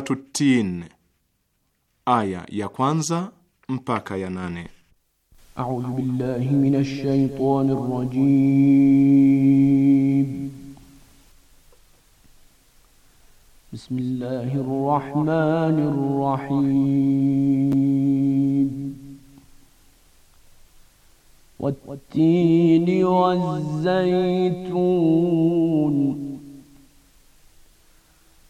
Suratu Tin, aya ya kwanza mpaka ya nane. A'udhu billahi minash shaitani rrajim. Bismillahir rahmanir rahim. Wat-tini waz-zaytun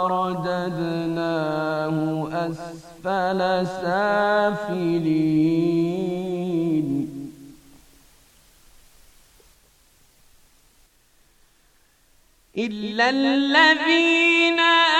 فرددناه أسفل سافلين إلا الذين آمنوا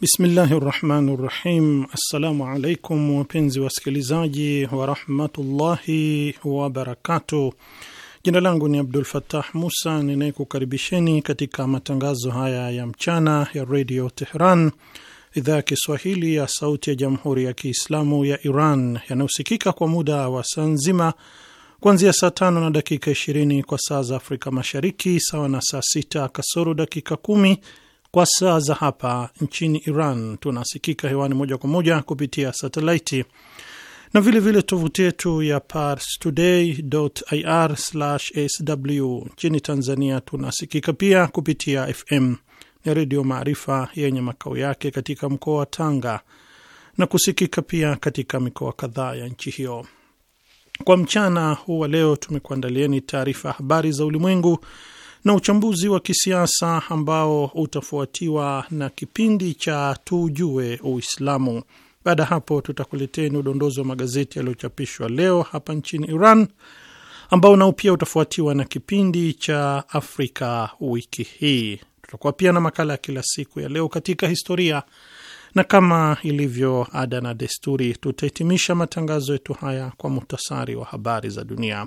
Bismillahi rahmani rahim. Assalamu alaikum wapenzi wasikilizaji warahmatullahi wabarakatuh. Jina langu ni Abdul Fattah Musa ninayekukaribisheni katika matangazo haya ya mchana ya redio Tehran, idhaa ya Kiswahili ya sauti ya jamhuri ya Kiislamu ya Iran yanayosikika kwa muda wa saa nzima kuanzia saa tano na dakika 20 kwa saa za Afrika Mashariki, sawa na saa sita kasoro dakika kumi kwa saa za hapa nchini Iran tunasikika hewani moja kwa moja kupitia satelaiti na vilevile tovuti yetu ya ir sw Nchini Tanzania tunasikika pia kupitia FM ni Redio Maarifa yenye makao yake katika mkoa wa Tanga na kusikika pia katika mikoa kadhaa ya nchi hiyo. Kwa mchana huu wa leo tumekuandalieni taarifa habari za ulimwengu na uchambuzi wa kisiasa ambao utafuatiwa na kipindi cha Tujue Uislamu. Baada ya hapo, tutakuleteni udondozi wa magazeti yaliyochapishwa leo hapa nchini Iran, ambao nao pia utafuatiwa na kipindi cha Afrika wiki hii. Tutakuwa pia na makala ya kila siku ya leo katika historia, na kama ilivyo ada na desturi, tutahitimisha matangazo yetu haya kwa muhtasari wa habari za dunia.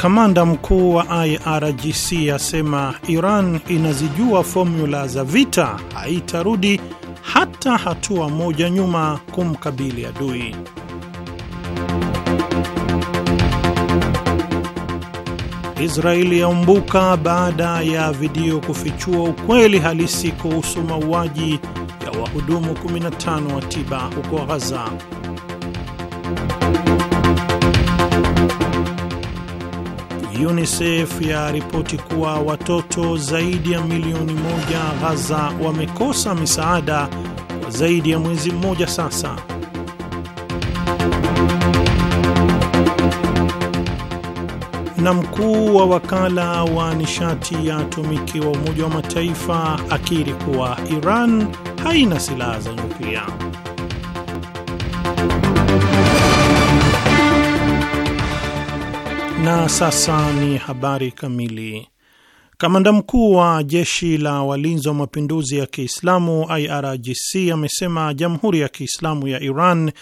Kamanda mkuu wa IRGC asema Iran inazijua fomula za vita, haitarudi hata hatua moja nyuma kumkabili adui. Israeli yaumbuka baada ya video kufichua ukweli halisi kuhusu mauaji ya wahudumu 15 wa tiba huko ghaza UNICEF yaripoti kuwa watoto zaidi ya milioni moja Ghaza wamekosa misaada kwa zaidi ya mwezi mmoja sasa. Na mkuu wa wakala wa nishati ya atomiki wa Umoja wa Mataifa akiri kuwa Iran haina silaha za nyuklia. Na sasa ni habari kamili. Kamanda mkuu wa jeshi la walinzi wa mapinduzi ya Kiislamu IRGC amesema jamhuri ya Kiislamu ya Iran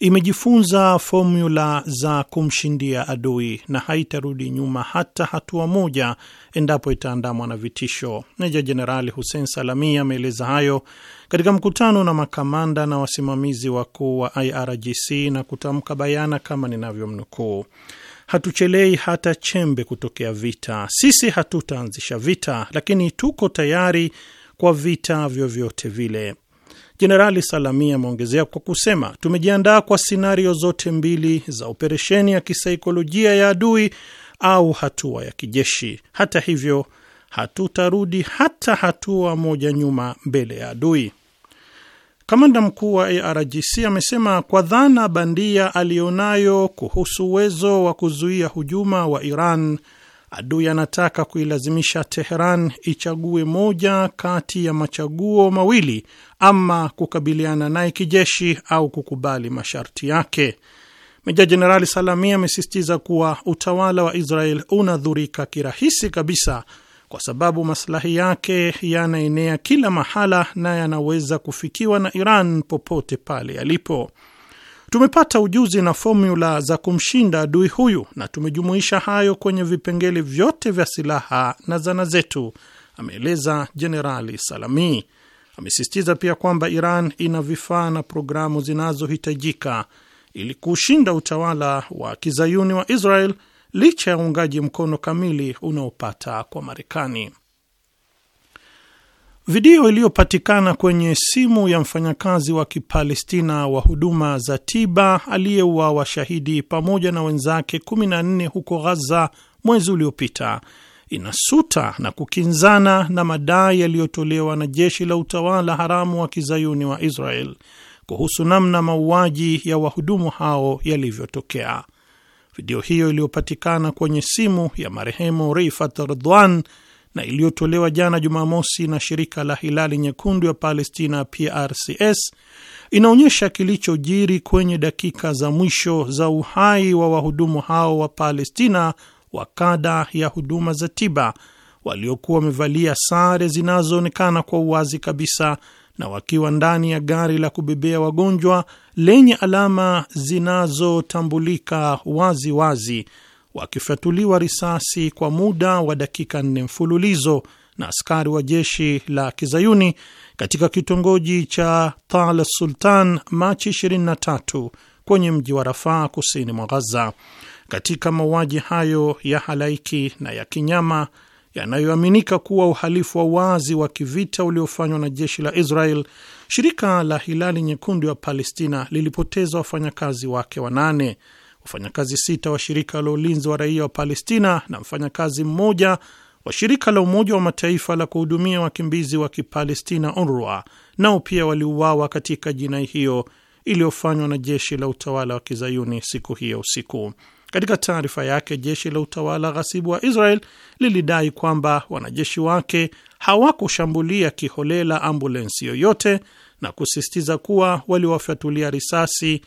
imejifunza fomula za kumshindia adui na haitarudi nyuma hata hatua moja endapo itaandamwa na vitisho. Meja Jenerali Hussein Salami ameeleza hayo katika mkutano na makamanda na wasimamizi wakuu wa IRGC na kutamka bayana kama ninavyomnukuu Hatuchelei hata chembe kutokea vita. Sisi hatutaanzisha vita, lakini tuko tayari kwa vita vyovyote vile. Jenerali Salami ameongezea kwa kusema, tumejiandaa kwa sinario zote mbili za operesheni ya kisaikolojia ya adui au hatua ya kijeshi. Hata hivyo, hatutarudi hata hatua moja nyuma mbele ya adui. Kamanda mkuu wa ARGC amesema kwa dhana bandia aliyonayo kuhusu uwezo wa kuzuia hujuma wa Iran, adui anataka kuilazimisha Teheran ichague moja kati ya machaguo mawili, ama kukabiliana naye kijeshi au kukubali masharti yake. Meja Jenerali Salami amesisitiza kuwa utawala wa Israel unadhurika kirahisi kabisa kwa sababu maslahi yake yanaenea kila mahala na yanaweza kufikiwa na Iran popote pale yalipo. Tumepata ujuzi na fomula za kumshinda adui huyu na tumejumuisha hayo kwenye vipengele vyote vya silaha na zana zetu, ameeleza Jenerali Salami. Amesisitiza pia kwamba Iran ina vifaa na programu zinazohitajika ili kuushinda utawala wa kizayuni wa Israel licha ya uungaji mkono kamili unaopata kwa Marekani. Video iliyopatikana kwenye simu ya mfanyakazi wa Kipalestina wa huduma za tiba aliyeuawa shahidi pamoja na wenzake 14 huko Ghaza mwezi uliopita inasuta na kukinzana na madai yaliyotolewa na jeshi la utawala haramu wa kizayuni wa Israel kuhusu namna mauaji ya wahudumu hao yalivyotokea. Video hiyo iliyopatikana kwenye simu ya marehemu Rifat Ridwan na iliyotolewa jana Jumamosi na shirika la Hilali Nyekundu ya Palestina PRCS inaonyesha kilichojiri kwenye dakika za mwisho za uhai wa wahudumu hao wa Palestina wa kada ya huduma za tiba waliokuwa wamevalia sare zinazoonekana kwa uwazi kabisa na wakiwa ndani ya gari la kubebea wagonjwa lenye alama zinazotambulika wazi wazi, wakifyatuliwa risasi kwa muda wa dakika nne mfululizo na askari wa jeshi la kizayuni katika kitongoji cha Tal Sultan Machi 23 kwenye mji wa Rafaa kusini mwa Ghaza. Katika mauaji hayo ya halaiki na ya kinyama yanayoaminika kuwa uhalifu wa wazi wa kivita uliofanywa na jeshi la Israel, shirika la Hilali Nyekundu ya Palestina lilipoteza wafanyakazi wake wanane, wafanyakazi sita wa shirika la ulinzi wa raia wa Palestina na mfanyakazi mmoja wa shirika la Umoja wa Mataifa la kuhudumia wakimbizi wa Kipalestina, UNRWA, nao pia waliuawa katika jinai hiyo iliyofanywa na jeshi la utawala wa kizayuni siku hiyo usiku. Katika taarifa yake, jeshi la utawala ghasibu wa Israel lilidai kwamba wanajeshi wake hawakushambulia kiholela ambulensi yoyote na kusisitiza kuwa waliwafyatulia risasi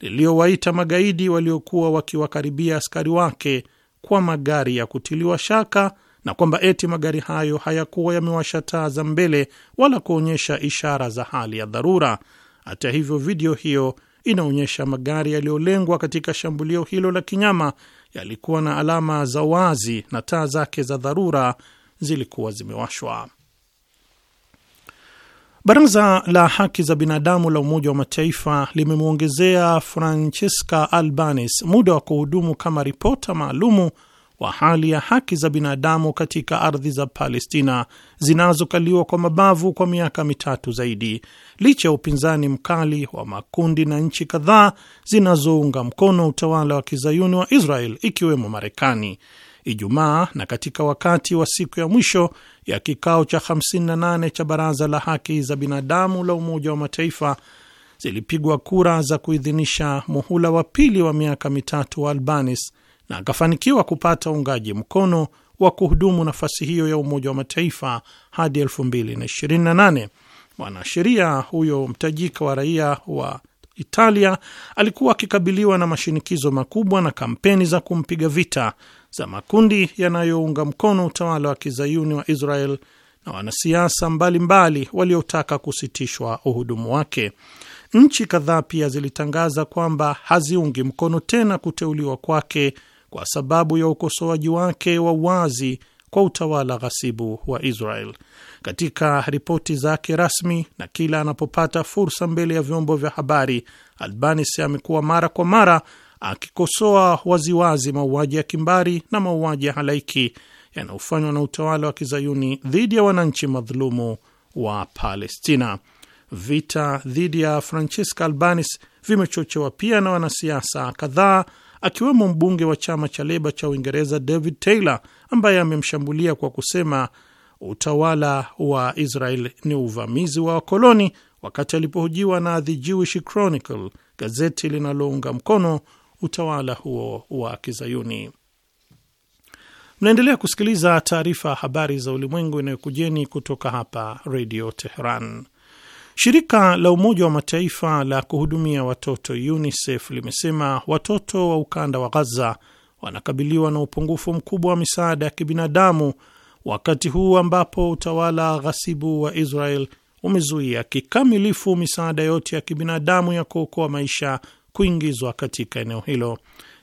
liliyowaita magaidi waliokuwa wakiwakaribia askari wake kwa magari ya kutiliwa shaka na kwamba eti magari hayo hayakuwa yamewasha taa za mbele wala kuonyesha ishara za hali ya dharura. Hata hivyo, video hiyo inaonyesha magari yaliyolengwa katika shambulio hilo la kinyama yalikuwa na alama za wazi na taa zake za dharura zilikuwa zimewashwa. Baraza la haki za binadamu la Umoja wa Mataifa limemwongezea Francesca Albanese muda wa kuhudumu kama ripota maalumu wa hali ya haki za binadamu katika ardhi za Palestina zinazokaliwa kwa mabavu kwa miaka mitatu zaidi, licha ya upinzani mkali wa makundi na nchi kadhaa zinazounga mkono utawala wa kizayuni wa Israel ikiwemo Marekani. Ijumaa na katika wakati wa siku ya mwisho ya kikao cha 58 cha Baraza la Haki za Binadamu la Umoja wa Mataifa zilipigwa kura za kuidhinisha muhula wa pili wa miaka mitatu wa Albanis na akafanikiwa kupata uungaji mkono wa kuhudumu nafasi hiyo ya Umoja wa Mataifa hadi 2028. Mwanasheria huyo mtajika wa raia wa Italia alikuwa akikabiliwa na mashinikizo makubwa na kampeni za kumpiga vita za makundi yanayounga mkono utawala wa kizayuni wa Israel na wanasiasa mbalimbali waliotaka kusitishwa uhudumu wake. Nchi kadhaa pia zilitangaza kwamba haziungi mkono tena kuteuliwa kwake kwa sababu ya ukosoaji wake wa wazi kwa utawala ghasibu wa Israel. Katika ripoti zake rasmi na kila anapopata fursa mbele ya vyombo vya habari, albanis amekuwa mara kwa mara akikosoa waziwazi mauaji ya kimbari na mauaji ya halaiki yanayofanywa na utawala wa kizayuni dhidi ya wananchi madhulumu wa Palestina. Vita dhidi ya Francesca albanis vimechochewa pia na wanasiasa kadhaa akiwemo mbunge wa chama cha Leba cha Uingereza David Taylor ambaye amemshambulia kwa kusema utawala wa Israel ni uvamizi wa wakoloni wakati alipohojiwa na The Jewish Chronicle, gazeti linalounga mkono utawala huo wa Kizayuni. Mnaendelea kusikiliza taarifa ya habari za ulimwengu inayokujeni kutoka hapa Redio Teheran. Shirika la Umoja wa Mataifa la kuhudumia watoto UNICEF limesema watoto wa ukanda wa Gaza wanakabiliwa na upungufu mkubwa wa misaada ya kibinadamu wakati huu ambapo utawala ghasibu wa Israel umezuia kikamilifu misaada yote ya kibinadamu ya kuokoa maisha kuingizwa katika eneo hilo.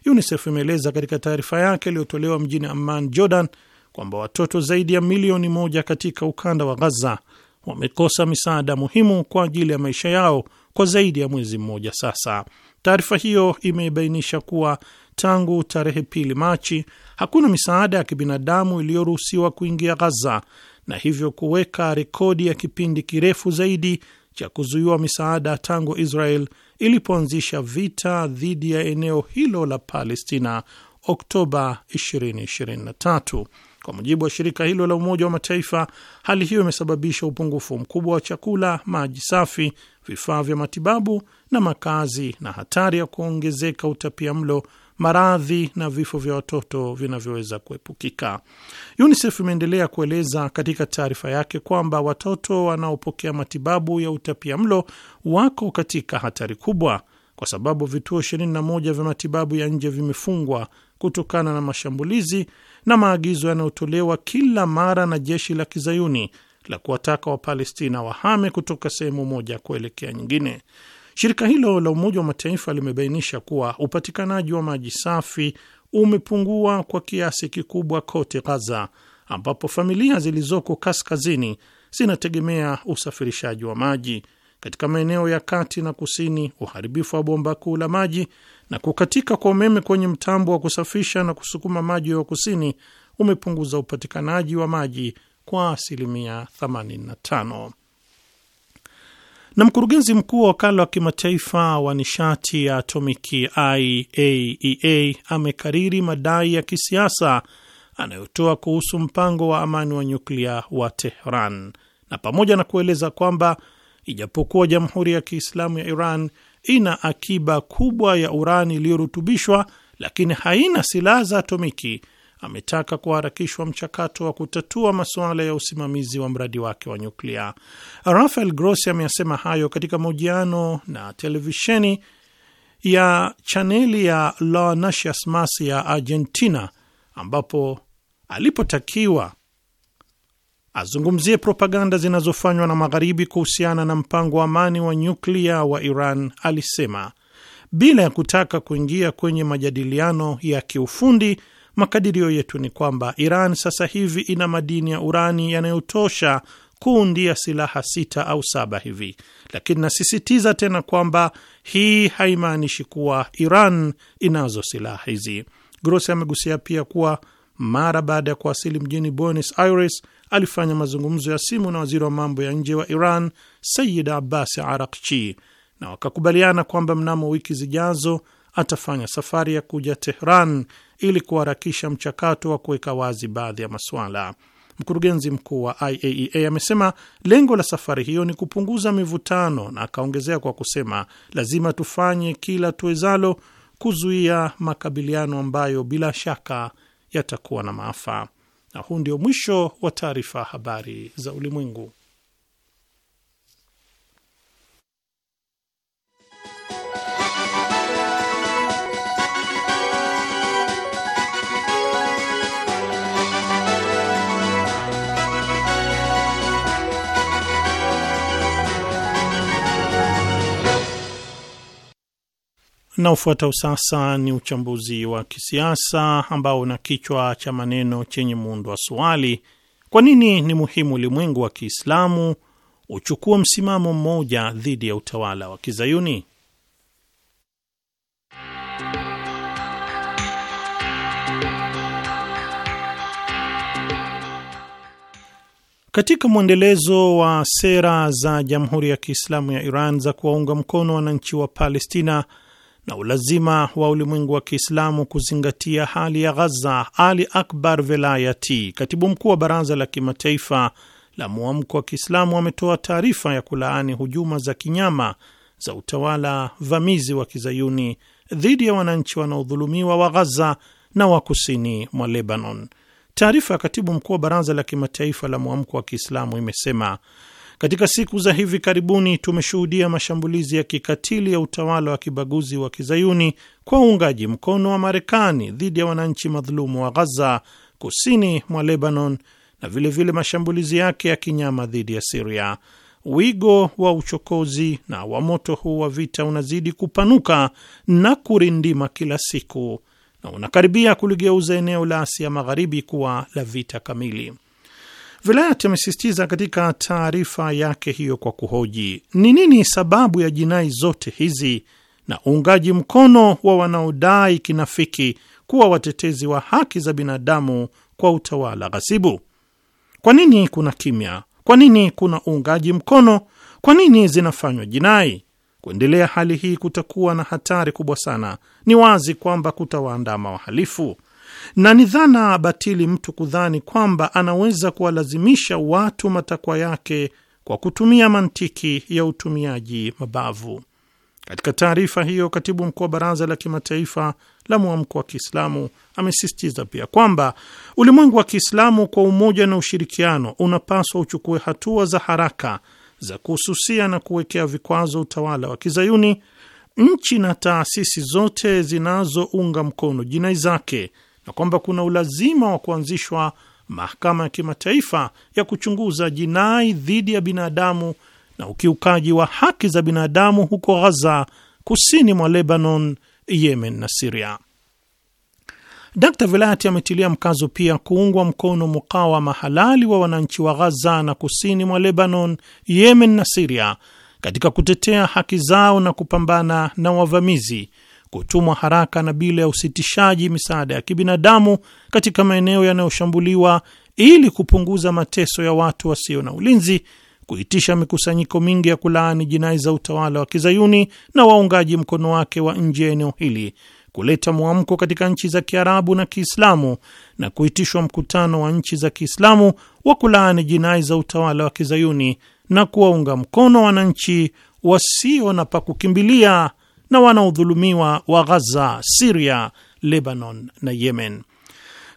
UNICEF imeeleza katika taarifa yake iliyotolewa mjini Amman, Jordan, kwamba watoto zaidi ya milioni moja katika ukanda wa Gaza wamekosa misaada muhimu kwa ajili ya maisha yao kwa zaidi ya mwezi mmoja sasa. Taarifa hiyo imebainisha kuwa tangu tarehe pili Machi hakuna misaada ya kibinadamu iliyoruhusiwa kuingia Ghaza na hivyo kuweka rekodi ya kipindi kirefu zaidi cha kuzuiwa misaada tangu Israel ilipoanzisha vita dhidi ya eneo hilo la Palestina Oktoba 2023. Kwa mujibu wa shirika hilo la Umoja wa Mataifa, hali hiyo imesababisha upungufu mkubwa wa chakula, maji safi, vifaa vya matibabu na makazi, na hatari ya kuongezeka utapia mlo, maradhi na vifo vya watoto vinavyoweza kuepukika. UNICEF imeendelea kueleza katika taarifa yake kwamba watoto wanaopokea matibabu ya utapia mlo wako katika hatari kubwa kwa sababu vituo 21 vya matibabu ya nje vimefungwa kutokana na mashambulizi na maagizo yanayotolewa kila mara na jeshi la kizayuni la kuwataka Wapalestina wahame kutoka sehemu moja kuelekea nyingine. Shirika hilo la Umoja wa Mataifa limebainisha kuwa upatikanaji wa maji safi umepungua kwa kiasi kikubwa kote Gaza, ambapo familia zilizoko kaskazini zinategemea usafirishaji wa maji katika maeneo ya kati na kusini, uharibifu wa bomba kuu la maji na kukatika kwa umeme kwenye mtambo wa kusafisha na kusukuma maji wa kusini umepunguza upatikanaji wa maji kwa asilimia 85. Na mkurugenzi mkuu wa wakala wa kimataifa wa nishati ya atomiki IAEA e amekariri madai ya kisiasa anayotoa kuhusu mpango wa amani wa nyuklia wa Tehran na pamoja na kueleza kwamba Ijapokuwa Jamhuri ya Kiislamu ya Iran ina akiba kubwa ya urani iliyorutubishwa, lakini haina silaha za atomiki. Ametaka kuharakishwa mchakato wa kutatua masuala ya usimamizi wa mradi wake wa nyuklia. Rafael Grossi ameyasema hayo katika mahojiano na televisheni ya chaneli ya La Mas ya Argentina, ambapo alipotakiwa azungumzie propaganda zinazofanywa na Magharibi kuhusiana na mpango wa amani wa nyuklia wa Iran alisema bila ya kutaka kuingia kwenye majadiliano ya kiufundi, makadirio yetu ni kwamba Iran sasa hivi ina madini ya urani yanayotosha kuundia silaha sita au saba hivi, lakini nasisitiza tena kwamba hii haimaanishi kuwa Iran inazo silaha hizi. Grossi amegusia pia kuwa mara baada ya kuwasili mjini Buenos Aires alifanya mazungumzo ya simu na waziri wa mambo ya nje wa Iran Sayid Abbas Arakchi na wakakubaliana kwamba mnamo wiki zijazo atafanya safari ya kuja Tehran ili kuharakisha mchakato wa kuweka wazi baadhi ya masuala. Mkurugenzi mkuu wa IAEA e amesema lengo la safari hiyo ni kupunguza mivutano, na akaongezea kwa kusema, lazima tufanye kila tuwezalo kuzuia makabiliano ambayo bila shaka yatakuwa na maafa. Na huu ndio mwisho wa taarifa habari za ulimwengu. Na ufuata usasa ni uchambuzi wa kisiasa ambao una kichwa cha maneno chenye muundo wa swali: kwa nini ni muhimu ulimwengu wa Kiislamu uchukue msimamo mmoja dhidi ya utawala wa Kizayuni? Katika mwendelezo wa sera za Jamhuri ya Kiislamu ya Iran za kuwaunga mkono wananchi wa Palestina na ulazima wa ulimwengu wa Kiislamu kuzingatia hali ya Ghaza, Ali Akbar Velayati, katibu mkuu wa Baraza la Kimataifa la Mwamko wa Kiislamu, ametoa taarifa ya kulaani hujuma za kinyama za utawala vamizi wa kizayuni dhidi ya wananchi wanaodhulumiwa wa Ghaza na wa kusini mwa Lebanon. Taarifa ya katibu mkuu wa Baraza la Kimataifa la Mwamko wa Kiislamu imesema katika siku za hivi karibuni tumeshuhudia mashambulizi ya kikatili ya utawala wa kibaguzi wa kizayuni kwa uungaji mkono wa Marekani dhidi ya wananchi madhulumu wa Ghaza, kusini mwa Lebanon, na vilevile vile mashambulizi yake ya kinyama dhidi ya Siria. Wigo wa uchokozi na wa moto huu wa vita unazidi kupanuka na kurindima kila siku na unakaribia kuligeuza eneo la Asia Magharibi kuwa la vita kamili. Vilayat amesisitiza katika taarifa yake hiyo kwa kuhoji ni nini sababu ya jinai zote hizi na uungaji mkono wa wanaodai kinafiki kuwa watetezi wa haki za binadamu kwa utawala ghasibu. Kwa nini kuna kimya? Kwa nini kuna uungaji mkono? Kwa nini zinafanywa jinai? Kuendelea hali hii kutakuwa na hatari kubwa sana. Ni wazi kwamba kutawaandama wahalifu na ni dhana batili mtu kudhani kwamba anaweza kuwalazimisha watu matakwa yake kwa kutumia mantiki ya utumiaji mabavu. Katika taarifa hiyo, katibu mkuu wa Baraza la Kimataifa la Mwamko wa Kiislamu amesisitiza pia kwamba ulimwengu wa Kiislamu kwa umoja na ushirikiano unapaswa uchukue hatua za haraka za kuhususia na kuwekea vikwazo utawala wa Kizayuni, nchi na taasisi zote zinazounga mkono jinai zake na kwamba kuna ulazima wa kuanzishwa mahakama ya kimataifa ya kuchunguza jinai dhidi ya binadamu na ukiukaji wa haki za binadamu huko Ghaza, kusini mwa Lebanon, Yemen na Siria. Dr Velayati ametilia mkazo pia kuungwa mkono mukawama halali wa wananchi wa Ghaza na kusini mwa Lebanon, Yemen na Siria katika kutetea haki zao na kupambana na wavamizi kutumwa haraka na bila ya usitishaji misaada ya kibinadamu katika maeneo yanayoshambuliwa ili kupunguza mateso ya watu wasio na ulinzi, kuitisha mikusanyiko mingi ya kulaani jinai za utawala wa kizayuni na waungaji mkono wake wa nje ya eneo hili, kuleta mwamko katika nchi za Kiarabu na Kiislamu na kuitishwa mkutano wa nchi za Kiislamu wa kulaani jinai za utawala wa kizayuni na kuwaunga mkono wananchi wasio na pa kukimbilia na wanaodhulumiwa wa Ghaza, Siria, Lebanon na Yemen.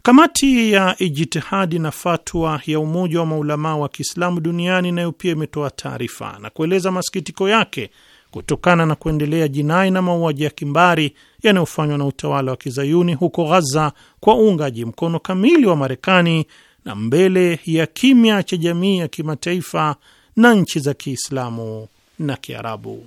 Kamati ya Ijtihadi na Fatwa ya Umoja wa Maulamaa wa Kiislamu duniani nayo pia imetoa taarifa na kueleza masikitiko yake kutokana na kuendelea jinai na mauaji ya kimbari yanayofanywa na utawala wa kizayuni huko Ghaza kwa uungaji mkono kamili wa Marekani na mbele ya kimya cha jamii ya kimataifa na nchi za Kiislamu na Kiarabu.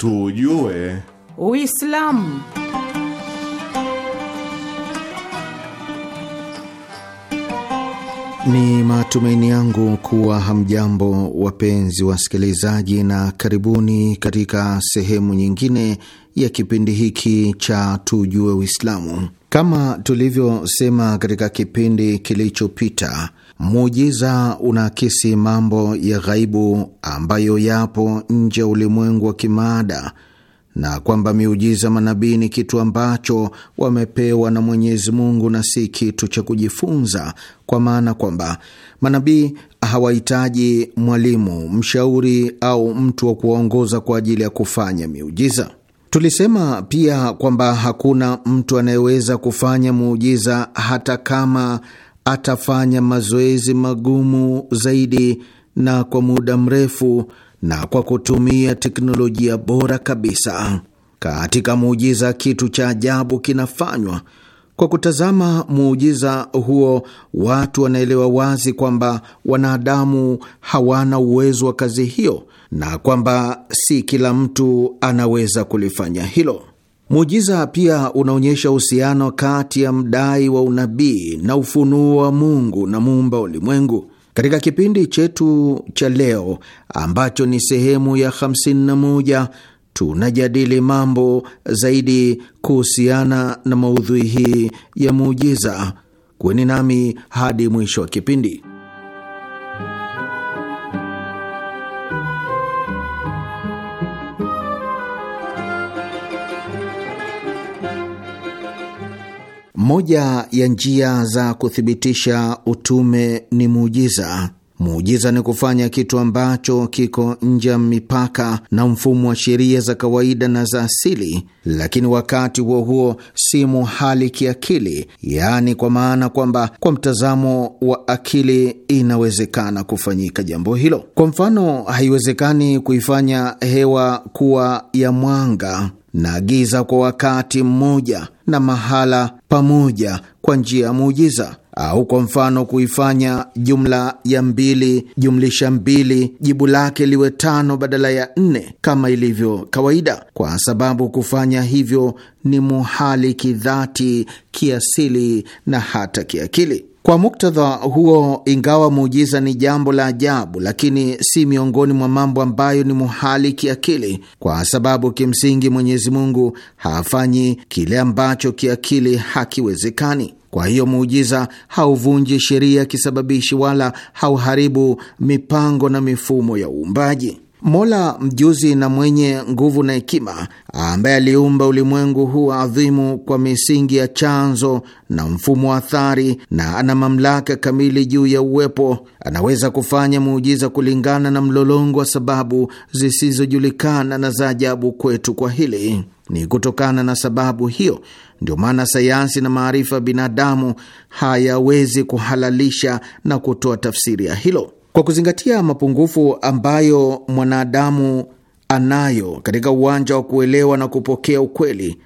tujue Uislamu. Ni matumaini yangu kuwa hamjambo wapenzi wasikilizaji, na karibuni katika sehemu nyingine ya kipindi hiki cha tujue Uislamu. Kama tulivyosema katika kipindi kilichopita Muujiza unaakisi mambo ya ghaibu ambayo yapo nje ya ulimwengu wa kimaada na kwamba miujiza manabii ni kitu ambacho wamepewa na Mwenyezi Mungu na si kitu cha kujifunza, kwa maana kwamba manabii hawahitaji mwalimu, mshauri au mtu wa kuwaongoza kwa ajili ya kufanya miujiza. Tulisema pia kwamba hakuna mtu anayeweza kufanya muujiza hata kama atafanya mazoezi magumu zaidi na kwa muda mrefu na kwa kutumia teknolojia bora kabisa. Katika muujiza, kitu cha ajabu kinafanywa. Kwa kutazama muujiza huo, watu wanaelewa wazi kwamba wanadamu hawana uwezo wa kazi hiyo na kwamba si kila mtu anaweza kulifanya hilo. Muujiza pia unaonyesha uhusiano kati ya mdai wa unabii na ufunuo wa Mungu na muumba ulimwengu. Katika kipindi chetu cha leo ambacho ni sehemu ya 51 tunajadili mambo zaidi kuhusiana na maudhui hii ya muujiza. Kuweni nami hadi mwisho wa kipindi. Moja ya njia za kuthibitisha utume ni muujiza. Muujiza ni kufanya kitu ambacho kiko nje ya mipaka na mfumo wa sheria za kawaida na za asili, lakini wakati huo huo si muhali kiakili, yaani kwa maana kwamba kwa mtazamo wa akili inawezekana kufanyika jambo hilo. Kwa mfano, haiwezekani kuifanya hewa kuwa ya mwanga na giza kwa wakati mmoja na mahala pamoja kwa njia ya muujiza au kwa mfano kuifanya jumla ya mbili jumlisha mbili jibu lake liwe tano badala ya nne kama ilivyo kawaida, kwa sababu kufanya hivyo ni muhali kidhati, kiasili na hata kiakili. Kwa muktadha huo, ingawa muujiza ni jambo la ajabu, lakini si miongoni mwa mambo ambayo ni muhali kiakili, kwa sababu kimsingi Mwenyezi Mungu hafanyi kile ambacho kiakili hakiwezekani. Kwa hiyo muujiza hauvunji sheria kisababishi wala hauharibu mipango na mifumo ya uumbaji. Mola mjuzi na mwenye nguvu na hekima, ambaye aliumba ulimwengu huu adhimu kwa misingi ya chanzo na mfumo wa athari, na ana mamlaka kamili juu ya uwepo, anaweza kufanya muujiza kulingana na mlolongo wa sababu zisizojulikana na za ajabu kwetu kwa hili. Ni kutokana na sababu hiyo ndio maana sayansi na maarifa ya binadamu hayawezi kuhalalisha na kutoa tafsiri ya hilo. Kwa kuzingatia mapungufu ambayo mwanadamu anayo katika uwanja wa kuelewa na kupokea ukweli,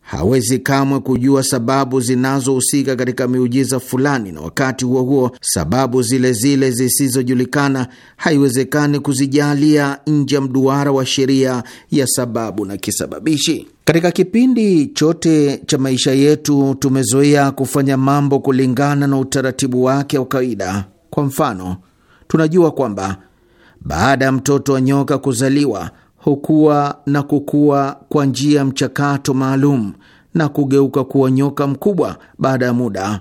hawezi kamwe kujua sababu zinazohusika katika miujiza fulani, na wakati huo huo sababu zile zile zisizojulikana haiwezekani kuzijalia nje ya mduara wa sheria ya sababu na kisababishi. Katika kipindi chote cha maisha yetu tumezoea kufanya mambo kulingana na utaratibu wake wa kawaida. Kwa mfano tunajua kwamba baada ya mtoto wa nyoka kuzaliwa hukua na kukua kwa njia ya mchakato maalum na kugeuka kuwa nyoka mkubwa baada ya muda,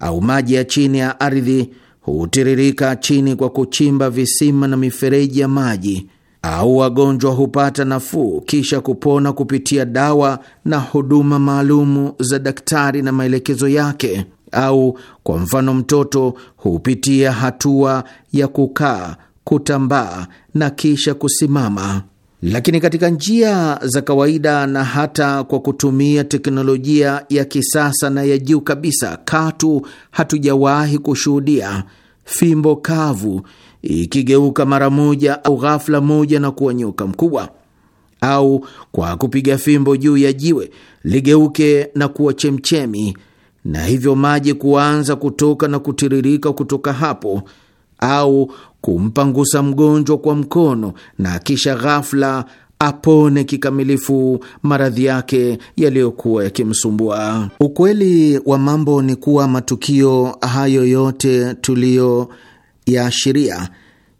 au maji ya chini ya ardhi hutiririka chini kwa kuchimba visima na mifereji ya maji, au wagonjwa hupata nafuu kisha kupona kupitia dawa na huduma maalumu za daktari na maelekezo yake au kwa mfano mtoto hupitia hatua ya kukaa, kutambaa na kisha kusimama. Lakini katika njia za kawaida na hata kwa kutumia teknolojia ya kisasa na ya juu kabisa, katu hatujawahi kushuhudia fimbo kavu ikigeuka mara moja au ghafla moja na kuwa nyoka mkubwa, au kwa kupiga fimbo juu ya jiwe ligeuke na kuwa chemchemi na hivyo maji kuanza kutoka na kutiririka kutoka hapo, au kumpangusa mgonjwa kwa mkono na kisha ghafla apone kikamilifu maradhi yake yaliyokuwa yakimsumbua. Ukweli wa mambo ni kuwa matukio hayo yote tuliyoyaashiria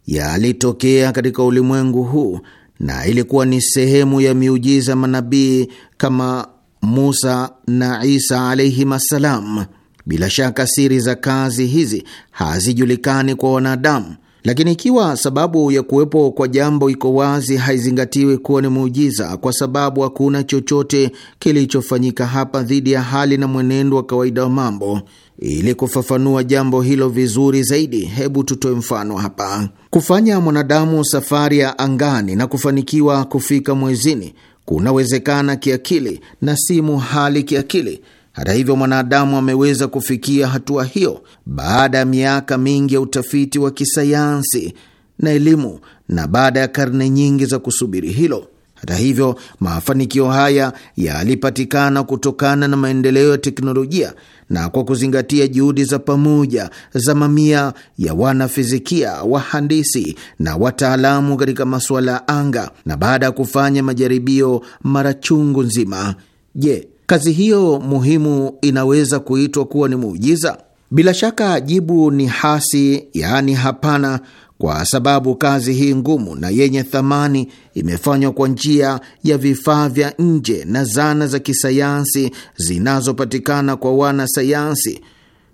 yalitokea katika ulimwengu huu na ilikuwa ni sehemu ya miujiza manabii kama Musa na Isa alaihim assalam. Bila shaka siri za kazi hizi hazijulikani kwa wanadamu, lakini ikiwa sababu ya kuwepo kwa jambo iko wazi, haizingatiwi kuwa ni muujiza, kwa sababu hakuna chochote kilichofanyika hapa dhidi ya hali na mwenendo wa kawaida wa mambo. Ili kufafanua jambo hilo vizuri zaidi, hebu tutoe mfano hapa. Kufanya mwanadamu safari ya angani na kufanikiwa kufika mwezini kunawezekana kiakili na si muhali kiakili. Hata hivyo, mwanadamu ameweza kufikia hatua hiyo baada ya miaka mingi ya utafiti wa kisayansi na elimu na baada ya karne nyingi za kusubiri hilo. Hata hivyo, mafanikio haya yalipatikana kutokana na maendeleo ya teknolojia na kwa kuzingatia juhudi za pamoja za mamia ya wanafizikia, wahandisi na wataalamu katika masuala ya anga, na baada ya kufanya majaribio mara chungu nzima, je, kazi hiyo muhimu inaweza kuitwa kuwa ni muujiza? Bila shaka jibu ni hasi, yaani hapana, kwa sababu kazi hii ngumu na yenye thamani imefanywa kwa njia ya vifaa vya nje na zana za kisayansi zinazopatikana kwa wanasayansi,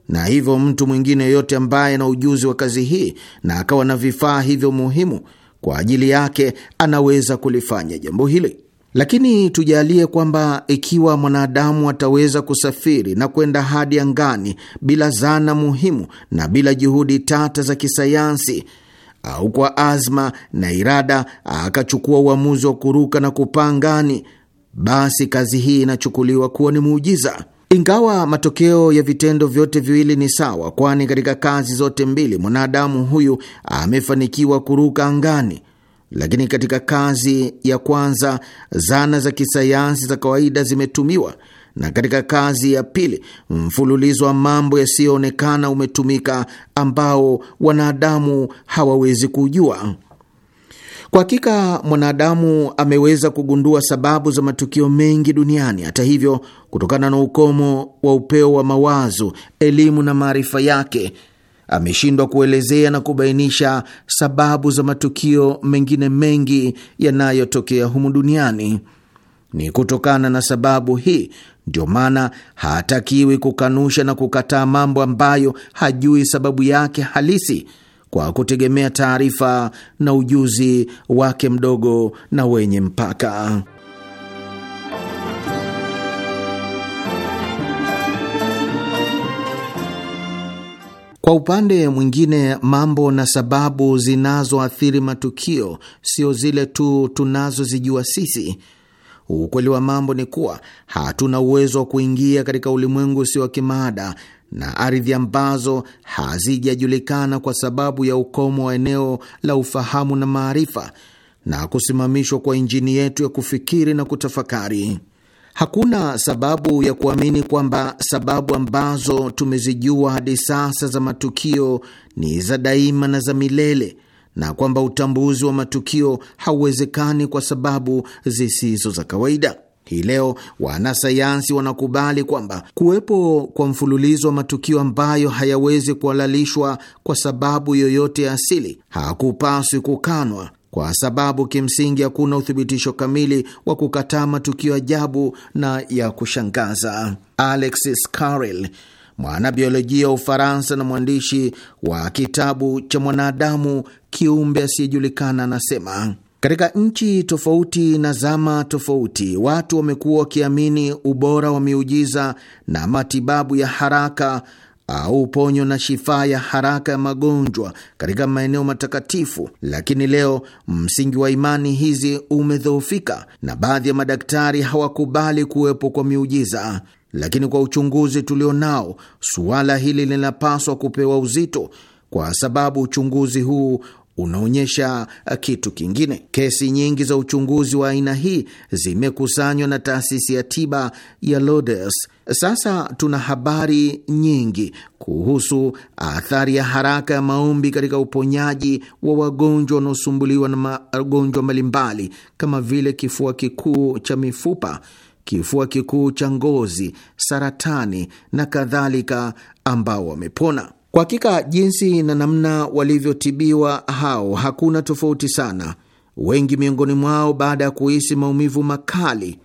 na hivyo mtu mwingine yoyote ambaye ana ujuzi wa kazi hii na akawa na vifaa hivyo muhimu kwa ajili yake anaweza kulifanya jambo hili. Lakini tujalie kwamba ikiwa mwanadamu ataweza kusafiri na kwenda hadi angani bila zana muhimu na bila juhudi tata za kisayansi, au kwa azma na irada akachukua uamuzi wa kuruka na kupaa ngani basi kazi hii inachukuliwa kuwa ni muujiza, ingawa matokeo ya vitendo vyote viwili ni sawa, kwani katika kazi zote mbili mwanadamu huyu amefanikiwa kuruka angani. Lakini katika kazi ya kwanza, zana za kisayansi za kawaida zimetumiwa na katika kazi ya pili mfululizo wa mambo yasiyoonekana umetumika ambao wanadamu hawawezi kujua. Kwa hakika mwanadamu ameweza kugundua sababu za matukio mengi duniani. Hata hivyo, kutokana na ukomo wa upeo wa mawazo, elimu na maarifa yake, ameshindwa kuelezea na kubainisha sababu za matukio mengine mengi yanayotokea humu duniani. Ni kutokana na sababu hii ndio maana hatakiwi kukanusha na kukataa mambo ambayo hajui sababu yake halisi kwa kutegemea taarifa na ujuzi wake mdogo na wenye mpaka. Kwa upande mwingine, mambo na sababu zinazoathiri matukio sio zile tu tunazozijua sisi Ukweli wa mambo ni kuwa hatuna uwezo wa kuingia katika ulimwengu usio wa kimaada na ardhi ambazo hazijajulikana kwa sababu ya ukomo wa eneo la ufahamu na maarifa na kusimamishwa kwa injini yetu ya kufikiri na kutafakari. Hakuna sababu ya kuamini kwamba sababu ambazo tumezijua hadi sasa za matukio ni za daima na za milele na kwamba utambuzi wa matukio hauwezekani kwa sababu zisizo za kawaida. Hii leo wanasayansi wanakubali kwamba kuwepo kwa mfululizo wa matukio ambayo hayawezi kuhalalishwa kwa sababu yoyote ya asili hakupaswi kukanwa, kwa sababu kimsingi hakuna uthibitisho kamili wa kukataa matukio ajabu na ya kushangaza. Alexis Carrel mwanabiolojia wa Ufaransa na mwandishi wa kitabu cha mwanadamu kiumbe asiyejulikana, anasema katika nchi tofauti na zama tofauti, watu wamekuwa wakiamini ubora wa miujiza na matibabu ya haraka au ponyo na shifaa ya haraka ya magonjwa katika maeneo matakatifu. Lakini leo msingi wa imani hizi umedhoofika na baadhi ya madaktari hawakubali kuwepo kwa miujiza lakini kwa uchunguzi tulionao, suala hili linapaswa kupewa uzito, kwa sababu uchunguzi huu unaonyesha uh, kitu kingine. Kesi nyingi za uchunguzi wa aina hii zimekusanywa na taasisi ya tiba ya Lodes. Sasa tuna habari nyingi kuhusu athari ya haraka ya maombi katika uponyaji wa wagonjwa wanaosumbuliwa na magonjwa mbalimbali kama vile kifua kikuu cha mifupa kifua kikuu cha ngozi, saratani na kadhalika, ambao wamepona. Kwa hakika jinsi na namna walivyotibiwa hao hakuna tofauti sana. Wengi miongoni mwao baada ya kuhisi maumivu makali,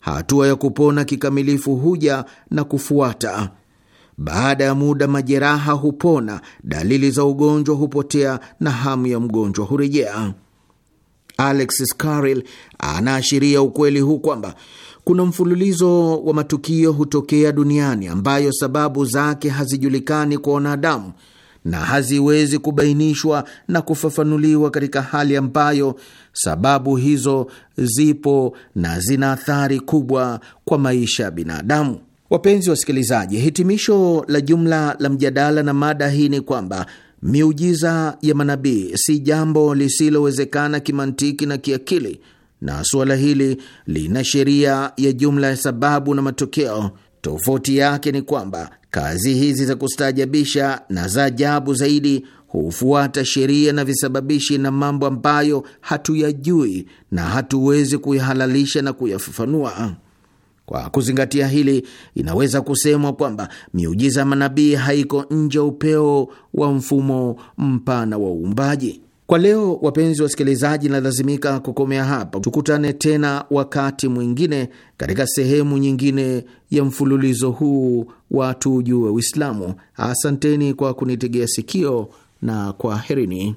hatua ya kupona kikamilifu huja na kufuata. Baada ya muda, majeraha hupona, dalili za ugonjwa hupotea na hamu ya mgonjwa hurejea. Alexis Carrel anaashiria ukweli huu kwamba kuna mfululizo wa matukio hutokea duniani ambayo sababu zake hazijulikani kwa wanadamu na haziwezi kubainishwa na kufafanuliwa katika hali ambayo sababu hizo zipo na zina athari kubwa kwa maisha ya binadamu. Wapenzi wasikilizaji, hitimisho la jumla la mjadala na mada hii ni kwamba miujiza ya manabii si jambo lisilowezekana kimantiki na kiakili na suala hili lina sheria ya jumla ya sababu na matokeo. Tofauti yake ni kwamba kazi hizi za kustaajabisha na za ajabu zaidi hufuata sheria na visababishi na mambo ambayo hatuyajui na hatuwezi kuyahalalisha na kuyafafanua. Kwa kuzingatia hili, inaweza kusemwa kwamba miujiza ya manabii haiko nje upeo wa mfumo mpana wa uumbaji. Kwa leo, wapenzi wasikilizaji, nalazimika kukomea hapa. Tukutane tena wakati mwingine katika sehemu nyingine ya mfululizo huu wa Tujue Uislamu. Asanteni kwa kunitegea sikio na kwaherini.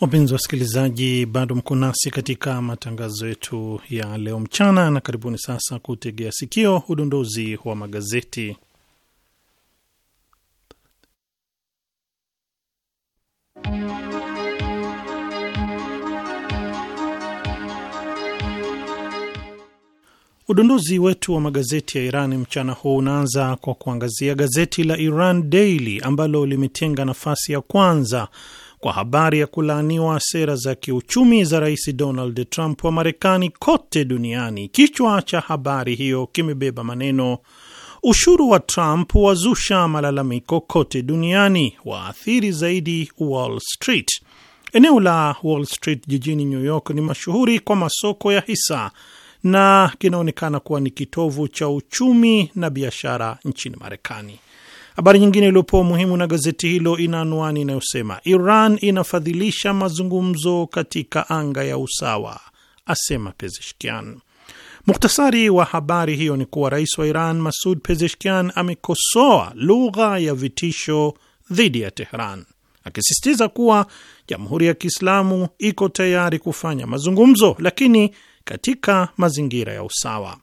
Wapenzi wasikilizaji, bado mko nasi katika matangazo yetu ya leo mchana, na karibuni sasa kutegea sikio udondozi wa magazeti. Udondozi wetu wa magazeti ya Iran mchana huu unaanza kwa kuangazia gazeti la Iran Daily ambalo limetenga nafasi ya kwanza kwa habari ya kulaaniwa sera za kiuchumi za Rais Donald Trump wa Marekani kote duniani. Kichwa cha habari hiyo kimebeba maneno ushuru wa Trump wazusha malalamiko kote duniani, waathiri zaidi Wall Street. Eneo la Wall Street jijini New York ni mashuhuri kwa masoko ya hisa na kinaonekana kuwa ni kitovu cha uchumi na biashara nchini Marekani. Habari nyingine iliyopewa umuhimu na gazeti hilo ina anwani inayosema Iran inafadhilisha mazungumzo katika anga ya usawa, asema Pezeshkian. Muktasari wa habari hiyo ni kuwa rais wa Iran Masud Pezeshkian amekosoa lugha ya vitisho dhidi ya Tehran akisisitiza kuwa Jamhuri ya Kiislamu iko tayari kufanya mazungumzo, lakini katika mazingira ya usawa.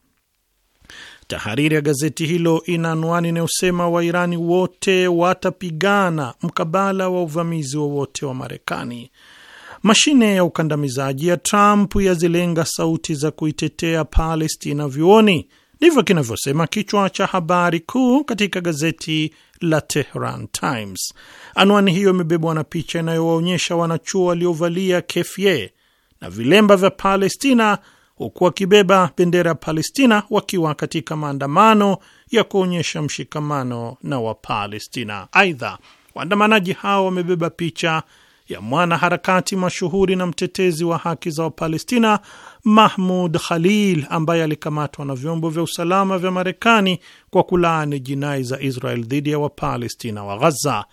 Tahariri ya gazeti hilo ina anwani inayosema Wairani wote watapigana mkabala wa uvamizi wowote wa, wa Marekani. Mashine ya ukandamizaji ya Trump yazilenga sauti za kuitetea Palestina vyuoni, ndivyo kinavyosema kichwa cha habari kuu katika gazeti la Tehran Times. Anwani hiyo imebebwa na picha inayowaonyesha wanachuo waliovalia kefye na vilemba vya Palestina huku wakibeba bendera ya Palestina wakiwa katika maandamano ya kuonyesha mshikamano na Wapalestina. Aidha, waandamanaji hao wamebeba picha ya mwanaharakati mashuhuri na mtetezi wa haki za Wapalestina Mahmud Khalil ambaye alikamatwa na vyombo vya usalama vya Marekani kwa kulaani jinai za Israel dhidi ya Wapalestina wa, wa Ghaza.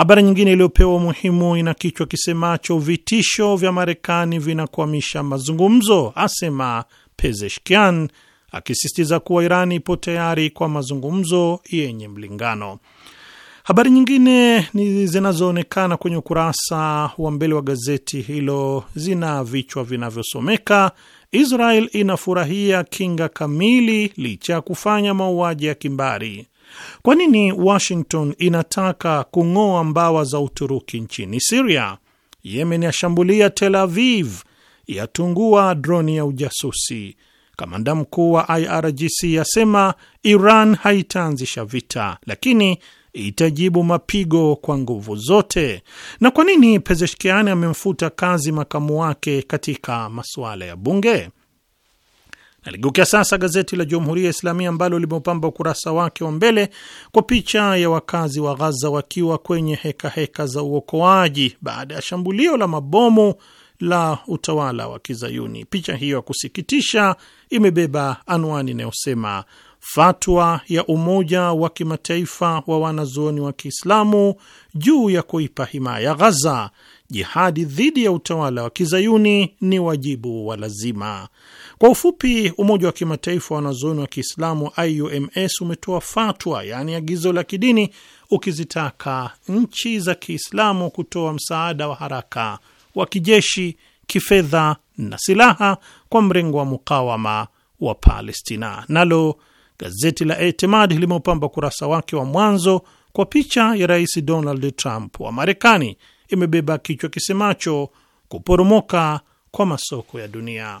Habari nyingine iliyopewa umuhimu ina kichwa kisemacho vitisho vya Marekani vinakwamisha mazungumzo, asema Pezeshkian, akisisitiza kuwa Iran ipo tayari kwa mazungumzo yenye mlingano. Habari nyingine ni zinazoonekana kwenye ukurasa wa mbele wa gazeti hilo zina vichwa vinavyosomeka: Israel inafurahia kinga kamili licha ya kufanya mauaji ya kimbari kwa nini Washington inataka kung'oa mbawa za Uturuki nchini Siria? Yemen yashambulia Tel Aviv, yatungua droni ya ujasusi. Kamanda mkuu wa IRGC yasema Iran haitaanzisha vita, lakini itajibu mapigo kwa nguvu zote. Na kwa nini Pezeshkiani amemfuta kazi makamu wake katika masuala ya bunge? Naligeukia sasa gazeti la jumhuria ya Islamia ambalo limeupamba ukurasa wake wa mbele kwa picha ya wakazi wa Ghaza wakiwa kwenye hekaheka heka za uokoaji baada ya shambulio la mabomu la utawala wa Kizayuni. Picha hiyo ya kusikitisha imebeba anwani inayosema fatwa ya Umoja wa Kimataifa wa wanazuoni wa Kiislamu juu ya kuipa himaya Ghaza, jihadi dhidi ya utawala wa Kizayuni ni wajibu wa lazima. Kwa ufupi, Umoja wa Kimataifa wa Wanazuoni wa Kiislamu IUMS umetoa fatwa, yaani agizo la kidini, ukizitaka nchi za Kiislamu kutoa msaada wa haraka wa kijeshi, kifedha na silaha kwa mrengo wa mukawama wa Palestina. Nalo gazeti la Etimad limeupamba ukurasa wake wa mwanzo kwa picha ya Rais Donald Trump wa Marekani, imebeba kichwa kisemacho kuporomoka kwa masoko ya dunia.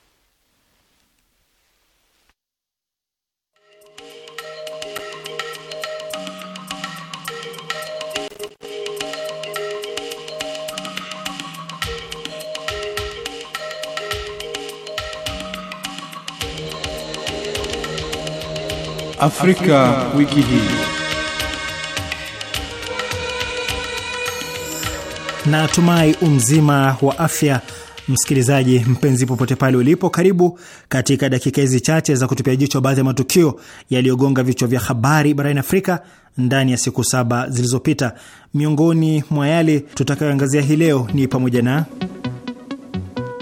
Afrika, wiki hii. Na tumai umzima wa afya msikilizaji mpenzi, popote pale ulipo, karibu katika dakika hizi chache za kutupia jicho baadhi ya matukio yaliyogonga vichwa vya habari barani Afrika ndani ya siku saba zilizopita. Miongoni mwa yale tutakayoangazia hii leo ni pamoja na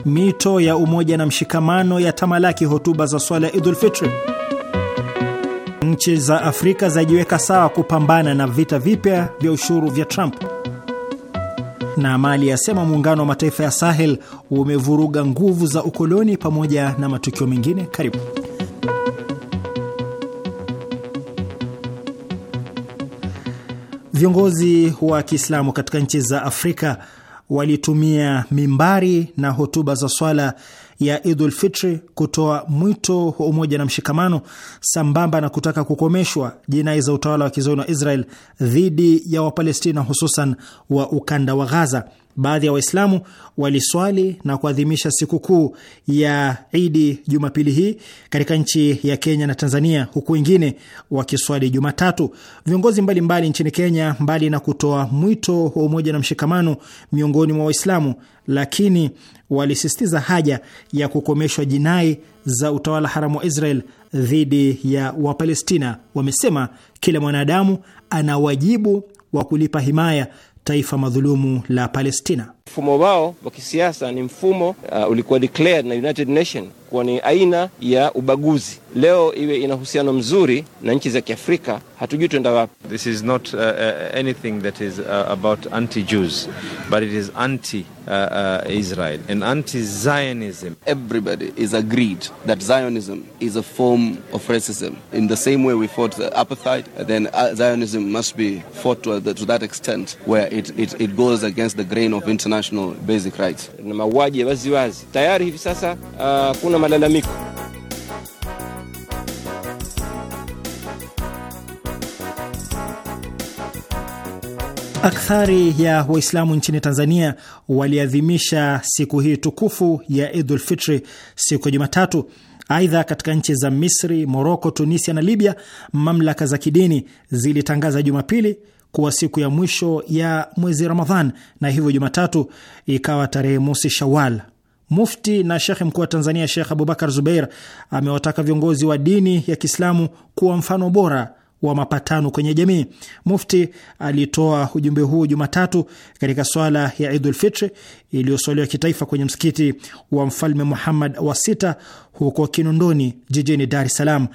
mito ya umoja na mshikamano ya tamalaki hotuba za swala ya Idul Fitri Nchi za Afrika zajiweka sawa kupambana na vita vipya vya ushuru vya Trump. Na Mali yasema muungano wa mataifa ya Sahel umevuruga nguvu za ukoloni, pamoja na matukio mengine. Karibu. Viongozi wa Kiislamu katika nchi za Afrika walitumia mimbari na hotuba za swala ya Idul Fitri kutoa mwito wa umoja na mshikamano sambamba na kutaka kukomeshwa jinai za utawala wa kizoni wa Israel dhidi ya Wapalestina hususan wa ukanda wa Ghaza baadhi ya Waislamu waliswali na kuadhimisha sikukuu ya Idi Jumapili hii katika nchi ya Kenya na Tanzania, huku wengine wakiswali Jumatatu. Viongozi mbalimbali mbali nchini Kenya, mbali na kutoa mwito wa umoja na mshikamano miongoni mwa Waislamu, lakini walisisitiza haja ya kukomeshwa jinai za utawala haramu wa Israel dhidi ya Wapalestina. Wamesema kila mwanadamu ana wajibu wa kulipa himaya taifa madhulumu la Palestina. Mfumo wao wa kisiasa ni mfumo uh, ulikuwa declared na United Nation kuwa ni aina ya ubaguzi. Leo iwe ina uhusiano mzuri na nchi za Kiafrika, hatujui tuenda wapi. This is not uh, uh, anything that is uh, about anti-Jews but it is anti uh, uh, Israel and anti-Zionism. Everybody is agreed that Zionism is a form of racism. In the same way we fought the apartheid, then uh, Zionism must be fought to, to that extent where it, it, it goes against the grain of international international basic rights, na mauaji ya waziwazi tayari hivi sasa. Uh, kuna malalamiko Akthari ya Waislamu nchini Tanzania waliadhimisha siku hii tukufu ya Idul Fitri siku ya Jumatatu. Aidha, katika nchi za Misri, Moroko, Tunisia na Libya, mamlaka za kidini zilitangaza Jumapili kuwa siku ya mwisho ya mwezi Ramadhan na hivyo Jumatatu ikawa tarehe mosi Shawal. Mufti na shekhe mkuu wa Tanzania Shekh Abubakar Zubeir amewataka viongozi wa dini ya Kiislamu kuwa mfano bora wa mapatano kwenye jamii. Mufti alitoa ujumbe huu Jumatatu katika swala ya Idul Fitri iliyosolewa kitaifa kwenye msikiti wa Mfalme Muhammad wa sita huko Kinondoni jijini Dar es Salaam.